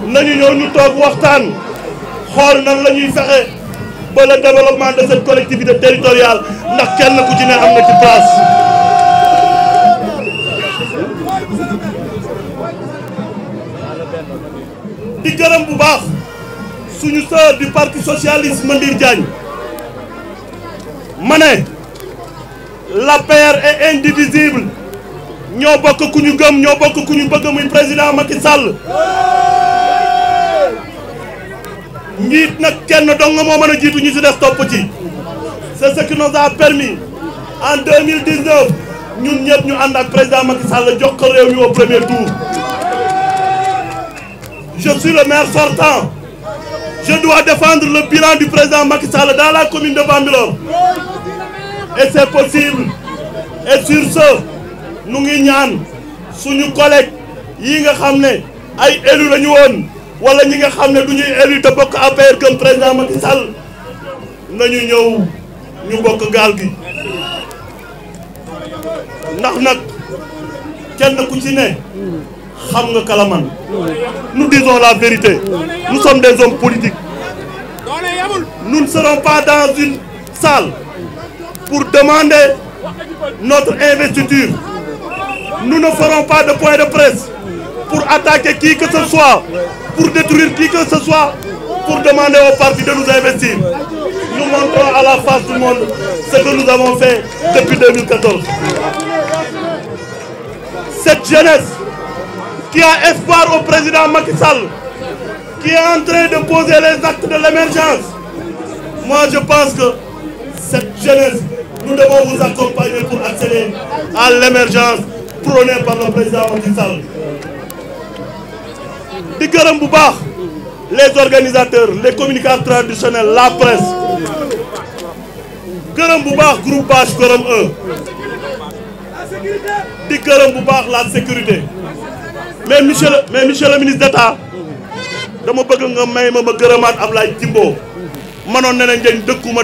Nous nañu ñëw ñu toog waxtaan xool nan la ba le développement de cette collectivité territoriale ndax kenn ku ci ne am na ci place. di gërëm bu baax suñu sœur du parti socialiste Mandir Diagne ma ne est indivisible. Nous bokk ku ñu gëm ñoo bokk ku ñu bëgg le président Macky Sall. Nous nag kenn dong moo mën a jiitu ñu si des ci. c'est ce qui nous a permis en 2019 ñun ñëpp ñu ànd président Macky Sall jox ko réew mi au premier tour. je suis le maire sortant. je dois défendre le bilan du président Macky Sall dans la commune de Bambilor. Et c'est possible. Et sur ce, nu ngi ñaan suñu collègue yi nga xamné ay élu la won wala ñi nga xamné ne élu ta bokk APR comme président Macky Sall nañu ñëw ñu bokk gal gi ndax nak kenn ku ci né xam nga kala man nous disons la vérité nous sommes des hommes politiques nous ne serons pas dans une salle pour demander notre investiture nous ne ferons pas de point de presse pour attaquer qui que ce soit, pour détruire qui que ce soit, pour demander au parti de nous investir. Nous montrons à la face du monde ce que nous avons fait depuis 2014. Cette jeunesse qui a espoir au président Macky Sall, qui est en train de poser les actes de l'émergence, moi je pense que cette jeunesse, nous devons vous accompagner pour accéder à l'émergence prôné par le président Macky Sall di gërëm bu baax les organisateurs les communicateurs traditionnels la presse gërëm bu baax groupe bâche gërëm 1 di gërëm bu baax la sécurité mais monsieur mais monsieur le ministre d'État dama bëgg nga may ma à gërëmaat Timbo. Jimbo manoon ne nañ dañ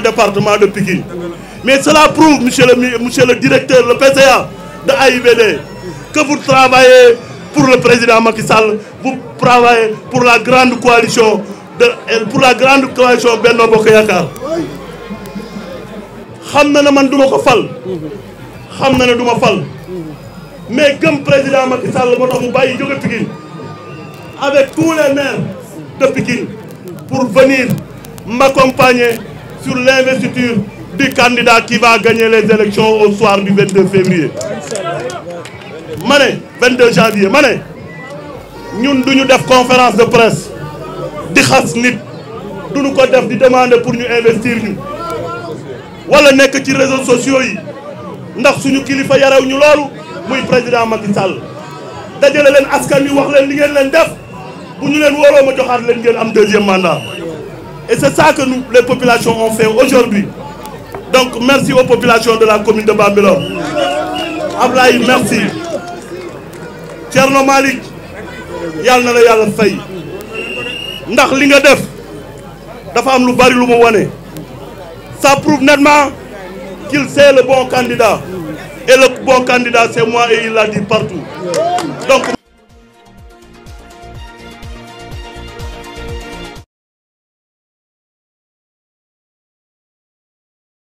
département de Pikine mais cela prouve monsieur le monsieur le directeur le PCA de AIBD que vous travaillez pour le président Macky Sall, vous travaillez pour la grande coalition, de, euh, pour la grande coalition Benno Bokoyakar. yakar Je ne man pas. ma ko ne du pas fal mais le président Macky Sall je tax mu avec tous les maires de Pikine pour venir m'accompagner sur l'investiture du candidat qui va gagner les élections au soir du 22 février Mané, 22 janvier Mané. ne ñun du ñu def conférence de presse di xas nit nous ñu ko def di demander pour nous investir ñu wala nekk ci réseaux sociaux yi ndax suñu kilifa yarew ñu loolu muy président Macky Sall dajale leen askan wi wax leen li ngeen leen def bu ñu leen wóoloo ma joxaat leen am deuxième mandat et c'est ça que nous les populations ont fait aujourd'hui donc merci aux populations de la commune de Bambilor Ablaye merci Thierno Malik, yalla na yalla fay ndax li nga def dafa am lu bari lu mu ça prouve nettement qu'il c'est le bon candidat et le bon candidat c'est moi et il l'a dit partout donc